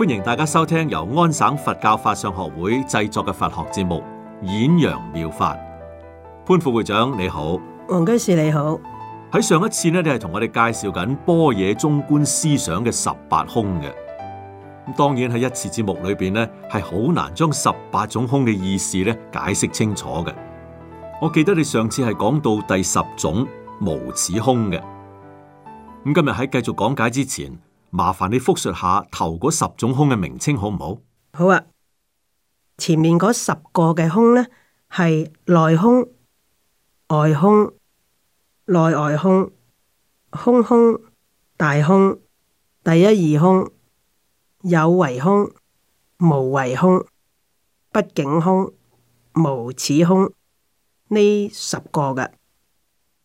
歡迎大家收聽由安省佛教法相學會製作嘅佛學節目《演揚妙法》。潘副會長你好，王居士你好。喺上一次咧，你係同我哋介紹緊般若中觀思想嘅十八空嘅。咁當然喺一次節目裏邊咧，係好難將十八種空嘅意思咧解釋清楚嘅。我記得你上次係講到第十種無始空嘅。咁今日喺繼續講解之前。麻煩你複述下頭嗰十種空嘅名稱好唔好？好啊，前面嗰十個嘅空呢，係內空、外空、內外空、空空、大空、第一二空、有為空、無為空、畢竟空、無始空，呢十個嘅。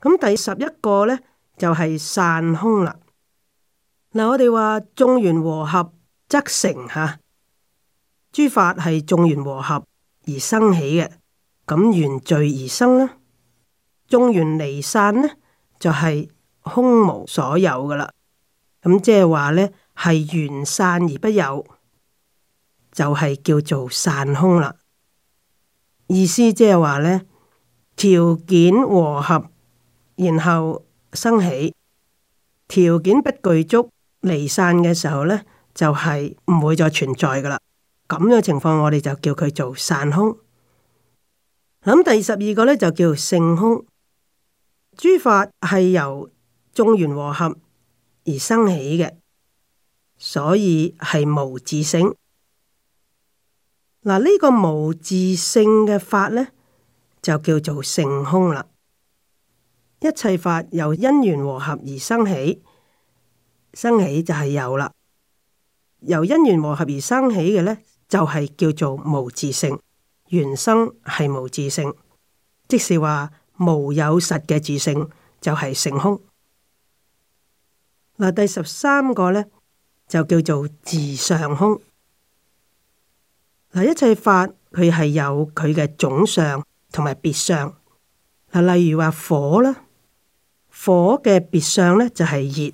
咁第十一個呢，就係、是、散空啦。嗱，嗯，我哋話眾緣和合則成吓，諸、啊、法係眾緣和合而生起嘅。咁緣聚而生啦，眾緣離散呢就係、是、空無所有噶啦，咁即係話呢係緣散而不有，就係、是、叫做散空啦。意思即係話呢條件和合，然後生起，條件不具足。離散嘅時候呢，就係、是、唔會再存在噶啦。咁樣情況，我哋就叫佢做散空。咁第十二個呢，就叫做性空。諸法係由眾緣和合而生起嘅，所以係無自性。嗱呢個無自性嘅法呢，就叫做性空啦。一切法由因緣和合而生起。生起就係有啦，由因緣和合而生起嘅呢，就係、是、叫做無自性。原生係無自性，即是話無有實嘅自性，就係成空。嗱，第十三個呢，就叫做自相空。嗱，一切法佢係有佢嘅總相同埋別相。嗱，例如話火啦，火嘅別相呢，就係熱。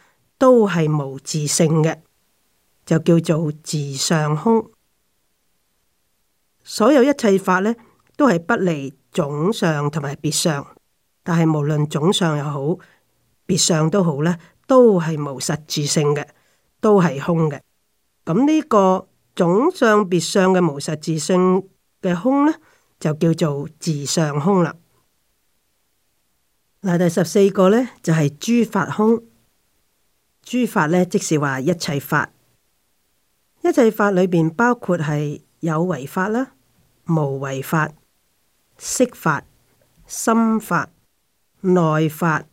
都係無自性嘅，就叫做自相空。所有一切法呢，都係不離總相同埋別相，但係無論總相又好，別相都好呢，都係無實質性嘅，都係空嘅。咁呢個總相別相嘅無實質性嘅空呢，就叫做自相空啦。嗱，第十四個呢，就係、是、諸法空。諸法呢，即是話一切法，一切法裏邊包括係有為法啦、無為法、色法、心法、內法、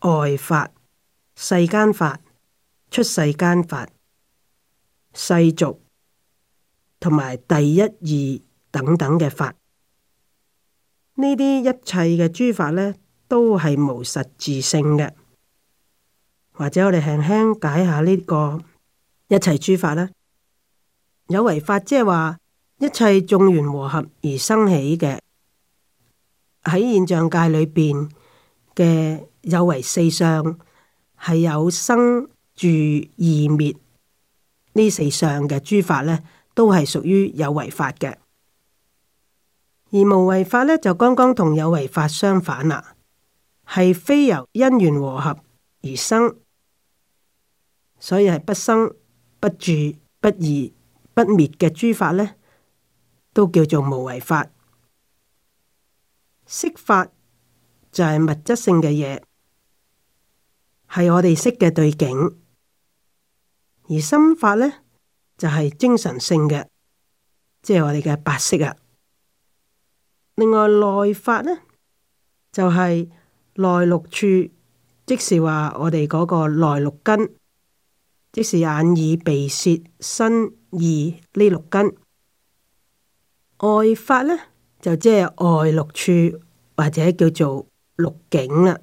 外法、世間法、出世間法、世俗同埋第一義等等嘅法。呢啲一切嘅諸法呢，都係無實質性嘅。或者我哋輕輕解下呢個一切諸法啦。有為法即係話一切眾緣和合而生起嘅，喺現象界裏邊嘅有為四相係有生住異滅呢四相嘅諸法呢都係屬於有為法嘅。而無為法呢，就剛剛同有為法相反啦，係非由因緣和合。而生，所以係不生不住不異、不滅嘅諸法咧，都叫做無為法。色法就係物質性嘅嘢，係我哋識嘅對境；而心法咧就係、是、精神性嘅，即係我哋嘅白色啊。另外內法咧就係內六處。即是話我哋嗰個內六根，即是眼耳鼻舌身意呢六根；外法呢，就即係外六處或者叫做六境啦。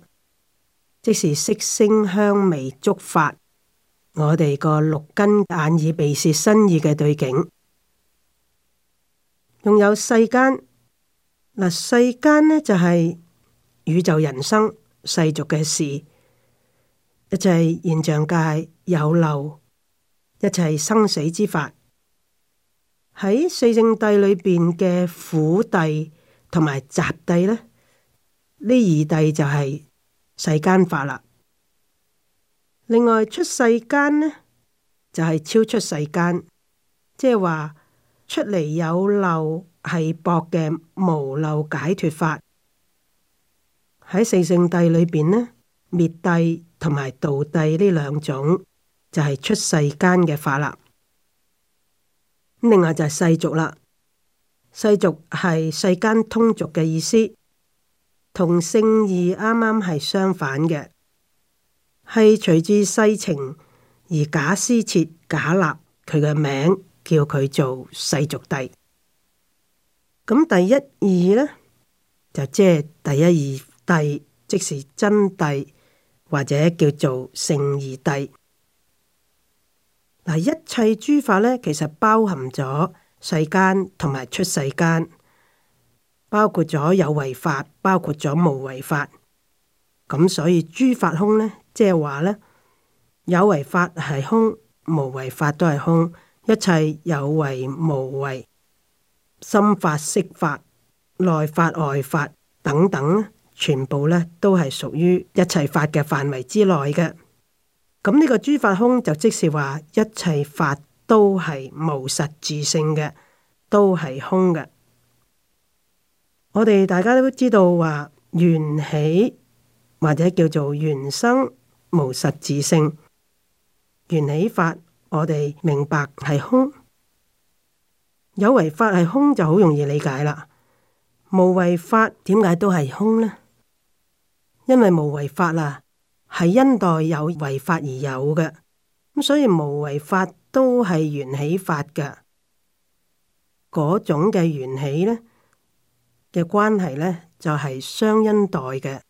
即是色聲香味觸法，我哋個六根眼耳鼻舌身意嘅對境，仲有世間嗱，世間呢，就係宇宙人生，世俗嘅事，一切現象界有漏，一切生死之法，喺四聖諦裏邊嘅苦諦同埋集諦呢，呢二諦就係世間法啦。另外出世間呢，就係、是、超出世間，即係話出嚟有漏係薄嘅無漏解脫法。喺四聖諦裏面，咧，滅帝同埋道帝呢兩種就係、是、出世間嘅法啦。另外就係世俗啦，世俗係世間通俗嘅意思，同聖義啱啱係相反嘅，係隨住世情而假施設假立，佢嘅名叫佢做世俗帝。咁第一義呢，就即係第一義。諦即是真諦，或者叫做勝義諦。嗱，一切諸法咧，其實包含咗世間同埋出世間，包括咗有為法，包括咗無為法。咁所以諸法空咧，即係話咧，有為法係空，無為法都係空，一切有為無為，心法色法，內法外法等等。全部咧都係屬於一切法嘅範圍之內嘅。咁呢個諸法空就即是話一切法都係無實質性嘅，都係空嘅。我哋大家都知道話緣起或者叫做緣生無實質性，緣起法我哋明白係空，有為法係空就好容易理解啦。無為法點解都係空呢？因為無為法啦，係因待有為法而有嘅，咁所以無為法都係緣起法嘅，嗰種嘅緣起呢，嘅關係呢，就係相因待嘅，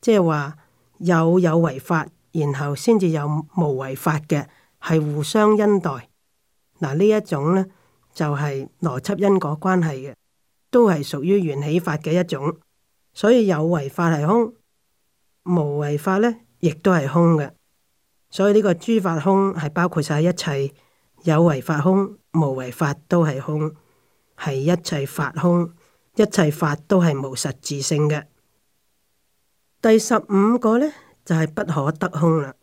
即係話有有為法，然後先至有無為法嘅，係互相因待。嗱呢一種呢，就係邏輯因果關係嘅，都係屬於緣起法嘅一種，所以有為法係空。為法咧，亦都係空嘅，所以呢個諸法空係包括晒一切有為法空、無為法都係空，係一切法空，一切法都係無實質性嘅。第十五個咧就係、是、不可得空啦。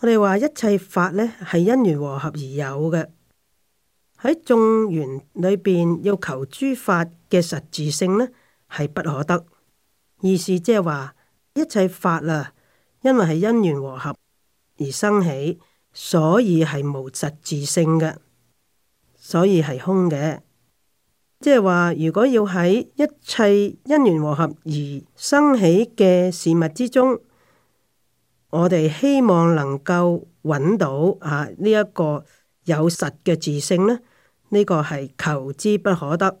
我哋話一切法咧係因緣和合而有嘅，喺眾緣裏邊要求諸法嘅實質性呢，係不可得，意思即係話。一切法啊，因為係因緣和合而生起，所以係無實自性嘅，所以係空嘅。即係話，如果要喺一切因緣和合而生起嘅事物之中，我哋希望能夠揾到啊呢一個有實嘅自性呢，呢個係求之不可得，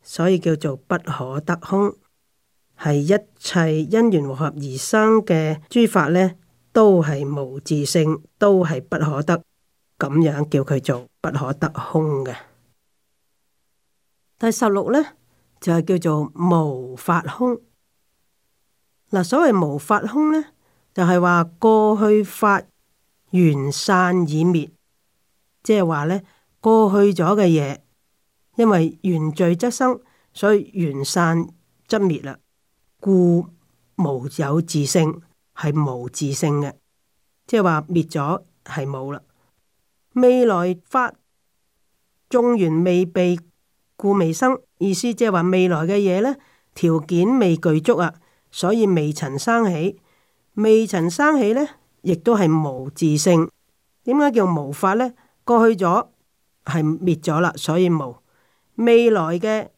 所以叫做不可得空。係一切因緣和合而生嘅諸法呢，都係無自性，都係不可得。咁樣叫佢做不可得空嘅。第十六呢，就係叫做無法空。嗱，所謂無法空呢，就係、是、話過去法緣散已滅，即係話呢，過去咗嘅嘢，因為緣聚則生，所以緣散則滅啦。故無有自性，係無自性嘅，即係話滅咗係冇啦。未來法眾緣未備，故未生。意思即係話未來嘅嘢呢，條件未具足啊，所以未曾生起。未曾生起呢，亦都係無自性。點解叫無法呢？過去咗係滅咗啦，所以無。未來嘅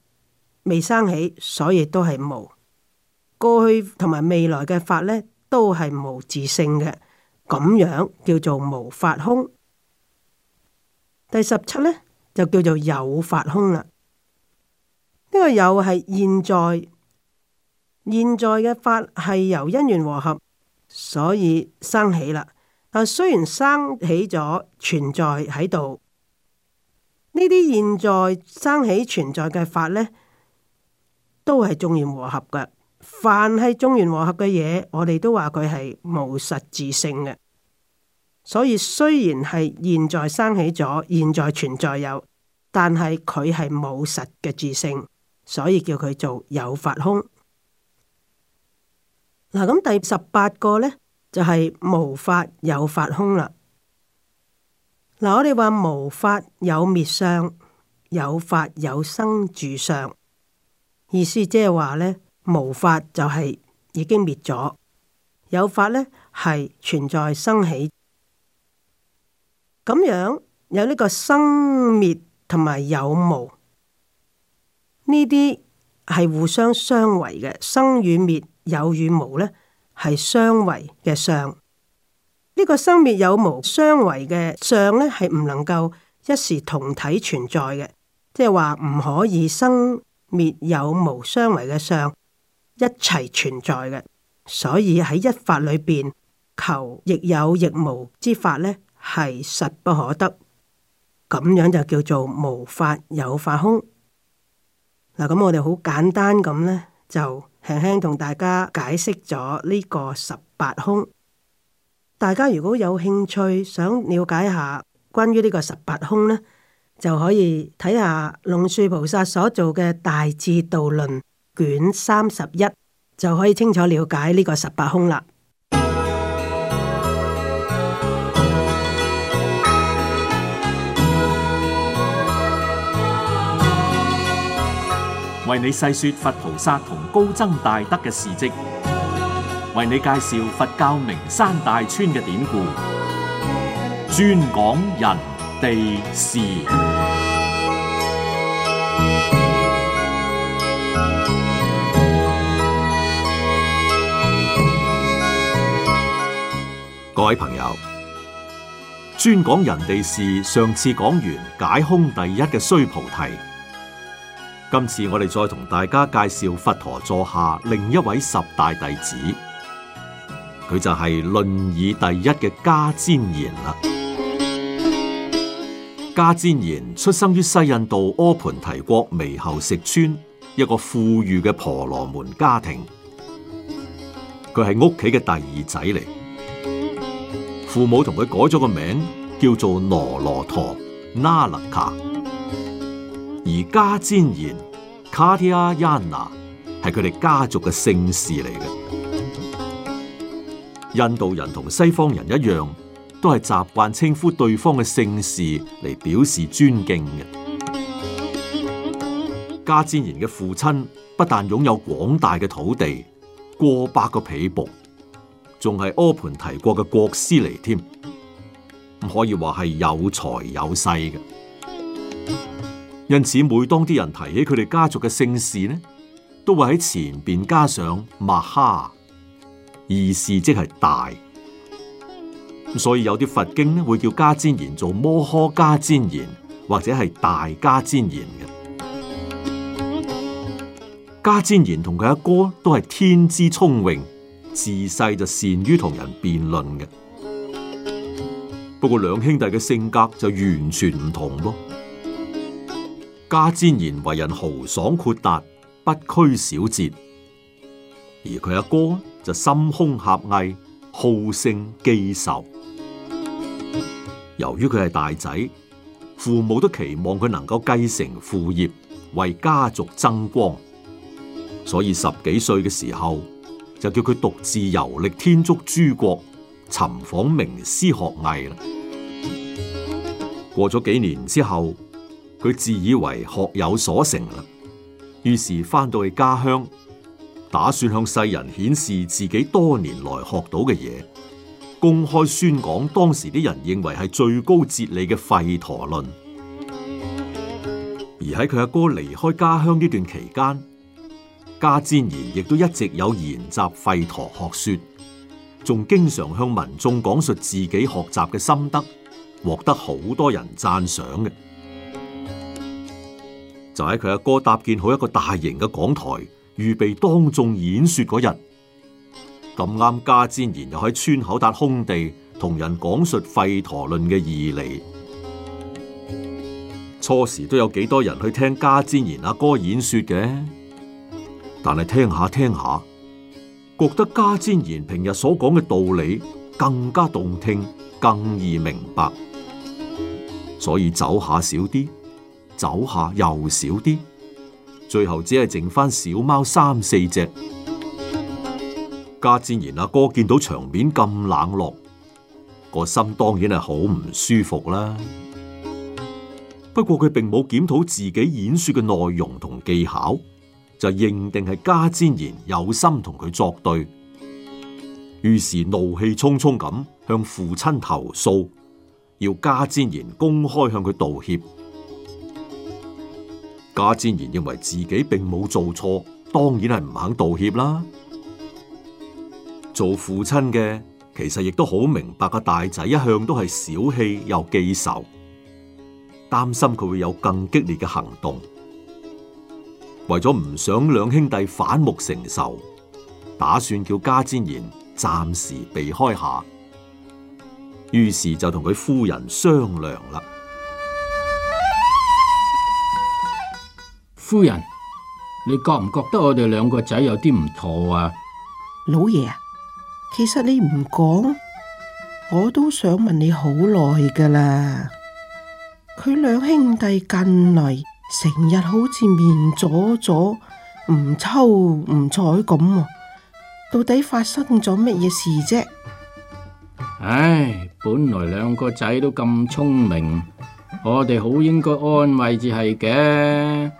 未生起，所以都係無。過去同埋未來嘅法呢，都係無自性嘅，咁樣叫做無法空。第十七呢，就叫做有法空啦。呢個有係現在，現在嘅法係由因緣和合，所以生起啦。但雖然生起咗存在喺度，呢啲現在生起存在嘅法呢，都係眾緣和合嘅。凡係眾緣和合嘅嘢，我哋都話佢係無實自性嘅，所以雖然係現在生起咗，現在存在有，但係佢係冇實嘅自性，所以叫佢做有法空。嗱，咁第十八個呢，就係無法有法空啦。嗱，我哋話無法有滅相，有法有生住相，意思即係話呢。無法就係已經滅咗，有法呢係存在生起，咁樣有呢個生滅同埋有無呢啲係互相相違嘅，生與滅、有與無呢係相違嘅相。呢個生滅有無相違嘅相呢係唔能夠一時同體存在嘅，即係話唔可以生滅有無相違嘅相，一齊存在嘅，所以喺一法裏邊，求亦有亦無之法呢，係實不可得。咁樣就叫做無法有法空。嗱，咁我哋好簡單咁呢，就輕輕同大家解釋咗呢個十八空。大家如果有興趣想了解下關於呢個十八空呢，就可以睇下龍樹菩薩所做嘅《大智度論》。卷三十一就可以清楚了解呢個十八空啦。為你細說佛菩薩同高僧大德嘅事跡，為你介紹佛教名山大川嘅典故，專講人地事。各位朋友，專講人哋是，上次講完解空第一嘅須菩提，今次我哋再同大家介紹佛陀座下另一位十大弟子，佢就係論議第一嘅迦旃延啦。迦旃延出生於西印度阿槃提國彌猴石村一個富裕嘅婆羅門家庭，佢係屋企嘅第二仔嚟。父母同佢改咗個名，叫做羅羅陀納林卡。而迦旃延卡提阿雅拿係佢哋家族嘅姓氏嚟嘅。印度人同西方人一樣，都係習慣稱呼對方嘅姓氏嚟表示尊敬嘅。迦旃延嘅父親不但擁有廣大嘅土地，過百個婢僕。仲係阿槃提國嘅國師嚟添，唔可以話係有才有勢嘅。因此，每當啲人提起佢哋家族嘅姓氏咧，都會喺前邊加上 Maha，意思即係大。所以有啲佛經咧會叫迦旃延做摩訶迦旃延，或者係大迦旃延嘅。迦旃延同佢阿哥都係天資聰穎。自細就善於同人辯論嘅，不過兩兄弟嘅性格就完全唔同咯。迦旃延為人豪爽豁達，不拘小節；而佢阿哥就心胸狹隘，好勝記仇。由於佢係大仔，父母都期望佢能夠繼承父業，為家族增光，所以十幾歲嘅時候。就叫佢獨自遊歷天竺諸國，尋訪名師學藝啦。過咗幾年之後，佢自以為學有所成啦，於是翻到去家鄉，打算向世人顯示自己多年來學到嘅嘢，公開宣講當時啲人認為係最高哲理嘅《吠陀論》。而喺佢阿哥離開家鄉呢段期間，迦旃延亦都一直有研習吠陀學說，仲經常向民眾講述自己學習嘅心得，獲得好多人讚賞嘅。就喺佢阿哥搭建好一個大型嘅講台，預備當眾演說嗰日，咁啱迦旃延又喺村口搭空地同人講述吠陀論嘅義理。初時都有幾多人去聽迦旃延阿哥演說嘅。但係聽下聽下，覺得迦旃延平日所講嘅道理更加動聽，更易明白，所以走下少啲，走下又少啲，最後只係剩翻小貓三四隻。迦旃延阿哥見到場面咁冷落，個心當然係好唔舒服啦。不過佢並冇檢討自己演說嘅內容同技巧。就認定係迦旃延有心同佢作對，於是怒氣沖沖咁向父親投訴，要迦旃延公開向佢道歉。迦旃延認為自己並冇做錯，當然係唔肯道歉啦。做父親嘅其實亦都好明白個大仔一向都係小氣又記仇，擔心佢會有更激烈嘅行動。為咗唔想兩兄弟反目成仇，打算叫迦旃延暫時避開下，於是就同佢夫人商量啦。夫人，你覺唔覺得我哋兩個仔有啲唔妥啊？老爺，其實你唔講，我都想問你好耐噶啦。佢兩兄弟近嚟，成日好似面阻阻，唔抽唔睬咁喎，到底發生咗乜嘢事啫？唉，本來兩個仔都咁聰明，我哋好應該安慰至係嘅，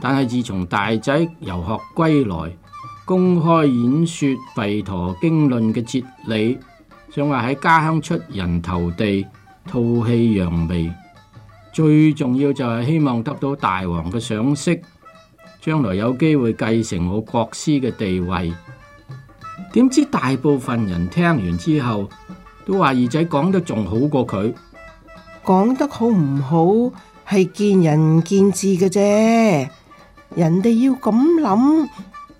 但係自從大仔遊學歸來，公開演說《吠陀經論》嘅哲理，想話喺家鄉出人頭地，吐氣揚眉。最重要就係希望得到大王嘅賞識，將來有機會繼承我國師嘅地位。點知大部分人聽完之後，都話二仔講得仲好過佢。講得好唔好係見仁見智嘅啫，人哋要咁諗，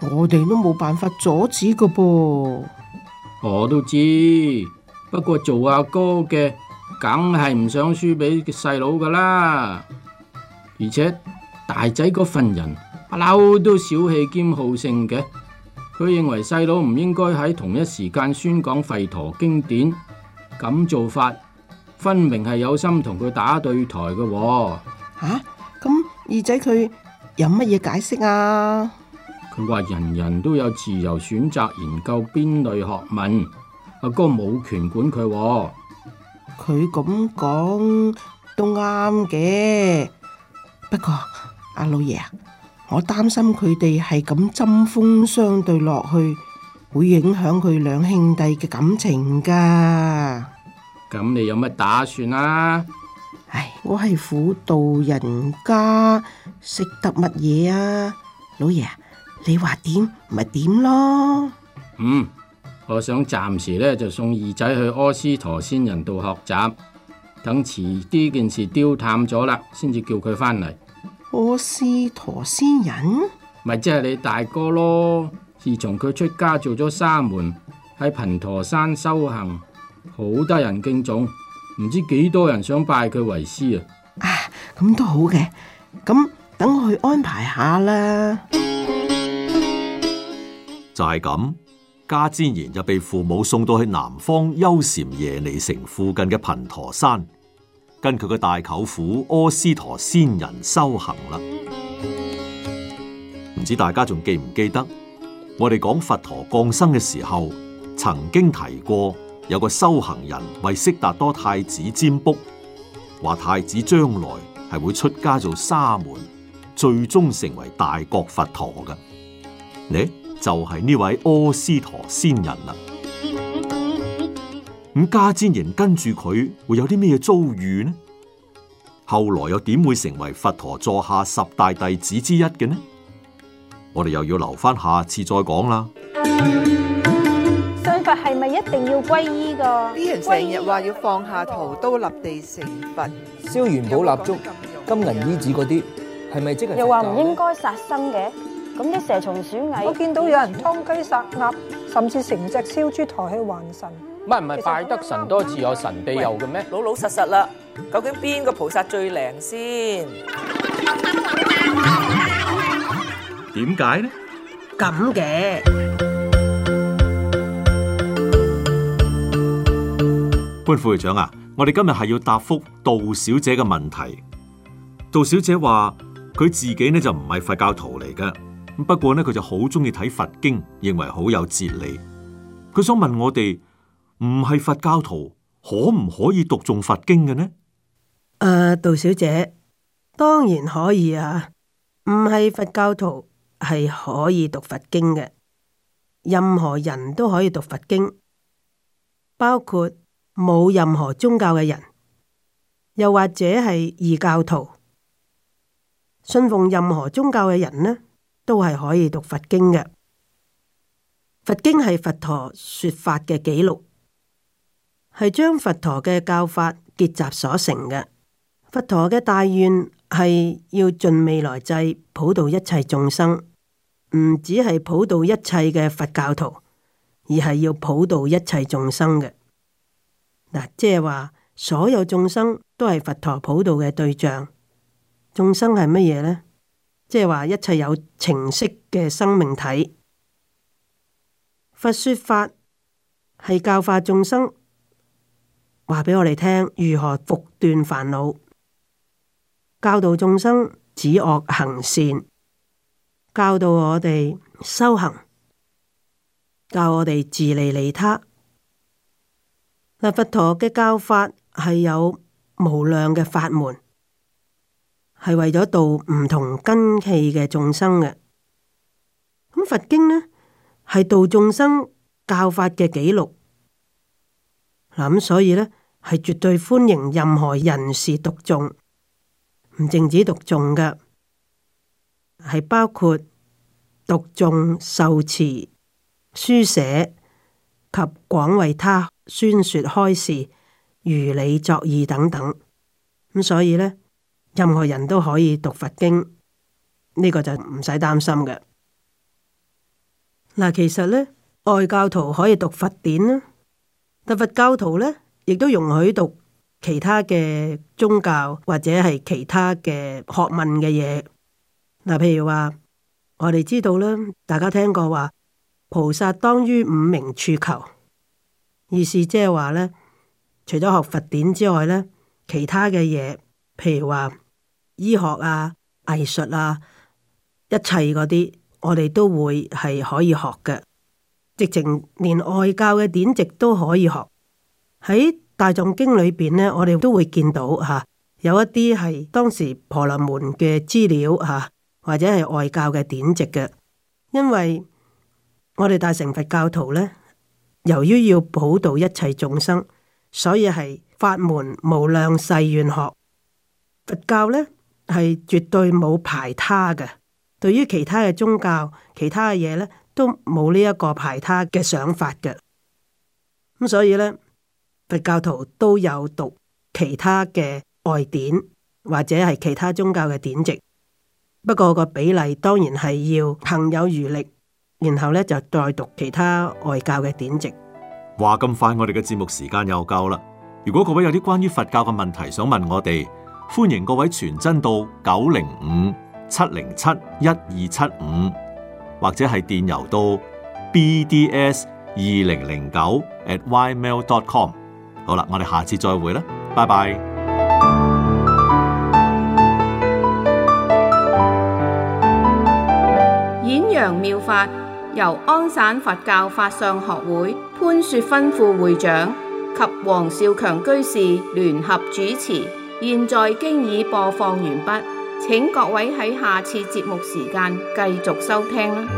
我哋都冇辦法阻止嘅噃。我都知，不過做阿哥嘅，梗係唔想輸俾細佬噶啦，而且大仔嗰份人不嬲都小氣兼好勝嘅，佢認為細佬唔應該喺同一時間宣講吠陀經典，咁做法分明係有心同佢打對台嘅。哦。吓，咁二仔佢有乜嘢解釋啊？佢話、啊、人人都有自由選擇研究邊類學問，阿哥冇權管佢。哦。佢咁講都啱嘅，不過阿老爺啊，我擔心佢哋係咁針鋒相對落去，會影響佢兩兄弟嘅感情噶。咁你有乜打算啊？唉，我係婦道人家，識得乜嘢啊？老爺，你話點咪點咯？嗯。我想暫時咧，就送二仔去柯斯陀仙人度學習，等遲啲件事丟淡咗啦，先至叫佢翻嚟。柯斯陀仙人咪即係你大哥咯。自從佢出家做咗沙門，喺貧陀山修行，好得人敬重，唔知幾多人想拜佢為師啊！啊，咁都好嘅，咁等我去安排下啦。就係咁。迦旃延就被父母送到去南方優禪耶尼城附近嘅頻陀山，跟佢嘅大舅父阿斯陀仙人修行啦。唔知大家仲記唔記得，我哋講佛陀降生嘅時候，曾經提過有個修行人為悉達多太子占卜，話太子將來係會出家做沙門，最終成為大國佛陀嘅。呢？就係呢位阿斯陀仙人啦。咁迦旃延跟住佢會有啲咩遭遇呢？後來又點會成為佛陀座下十大弟子之一嘅呢？我哋又要留翻，下下次再講啦。信佛係咪一定要皈依㗎？啲人成日話要放下屠刀立地成佛，燒元寶蠟燭、金銀衣紙嗰啲，係咪即係？又話唔應該殺生嘅？咁啲蛇蟲鼠蟻，我見到有人劏雞殺鴨，甚至成隻燒豬抬去還神，唔係唔係，拜得神多自有神庇佑嘅咩？老老實實啦，究竟邊個菩薩最靈先？點解呢？咁嘅潘副會長啊，我哋今日係要答覆杜小姐嘅問題。杜小姐話佢自己呢就唔係佛教徒嚟㗎。不過呢，佢就好中意睇佛經，認為好有哲理。佢想問我哋，唔係佛教徒可唔可以讀誦佛經嘅呢？誒、呃，杜小姐，當然可以啊。唔係佛教徒係可以讀佛經嘅，任何人都可以讀佛經，包括冇任何宗教嘅人，又或者係異教徒，信奉任何宗教嘅人呢？都係可以讀佛經嘅，佛經係佛陀說法嘅記錄，係將佛陀嘅教法結集所成嘅。佛陀嘅大願係要盡未來際普渡一切眾生，唔只係普渡一切嘅佛教徒，而係要普渡一切眾生嘅。嗱，即係話所有眾生都係佛陀普渡嘅對象，眾生係乜嘢呢？即係話一切有情色嘅生命體，佛說法係教化眾生，話畀我哋聽如何復斷煩惱，教導眾生止惡行善，教導我哋修行，教我哋自利利他。阿佛陀嘅教法係有無量嘅法門。係為咗度唔同根器嘅眾生嘅，咁佛經呢係度眾生教法嘅記錄，咁、嗯、所以呢係絕對歡迎任何人士讀誦，唔淨止讀誦噶，係包括讀誦受持書寫及廣為他宣說開示如理作意等等，咁、嗯、所以呢，任何人都可以讀佛經，呢個就唔使擔心嘅。嗱，其實呢，外教徒可以讀佛典啦，但佛教徒呢，亦都容許讀其他嘅宗教或者係其他嘅學問嘅嘢。嗱，譬如話，我哋知道啦，大家聽過話，菩薩當於五明處求，意思即係話呢，除咗學佛典之外呢，其他嘅嘢，譬如話，醫學啊、藝術啊、一切嗰啲，我哋都會係可以學嘅，直情連外教嘅典籍都可以學。喺大藏經裏邊呢，我哋都會見到嚇，有一啲係當時婆羅門嘅資料嚇，或者係外教嘅典籍嘅，因為我哋大乘佛教徒呢，由於要普渡一切眾生，所以係法門無量誓願學佛教呢。係絕對冇排他嘅，對於其他嘅宗教、其他嘅嘢呢，都冇呢一個排他嘅想法嘅。咁所以呢，佛教徒都有讀其他嘅外典或者係其他宗教嘅典籍，不過個比例當然係要行有餘力，然後呢就再讀其他外教嘅典籍。話咁快，我哋嘅節目時間又夠啦。如果各位有啲關於佛教嘅問題想問我哋，歡迎各位傳真到九零五七零七一二七五，75，或者係電郵到 bds 二零零九 atymail.com。好啦，我哋下次再會啦，拜拜。演揚妙法由安省佛教法相學會潘雪芬副會長及黃少強居士聯合主持。現在經已播放完畢，請各位喺下次節目時間繼續收聽。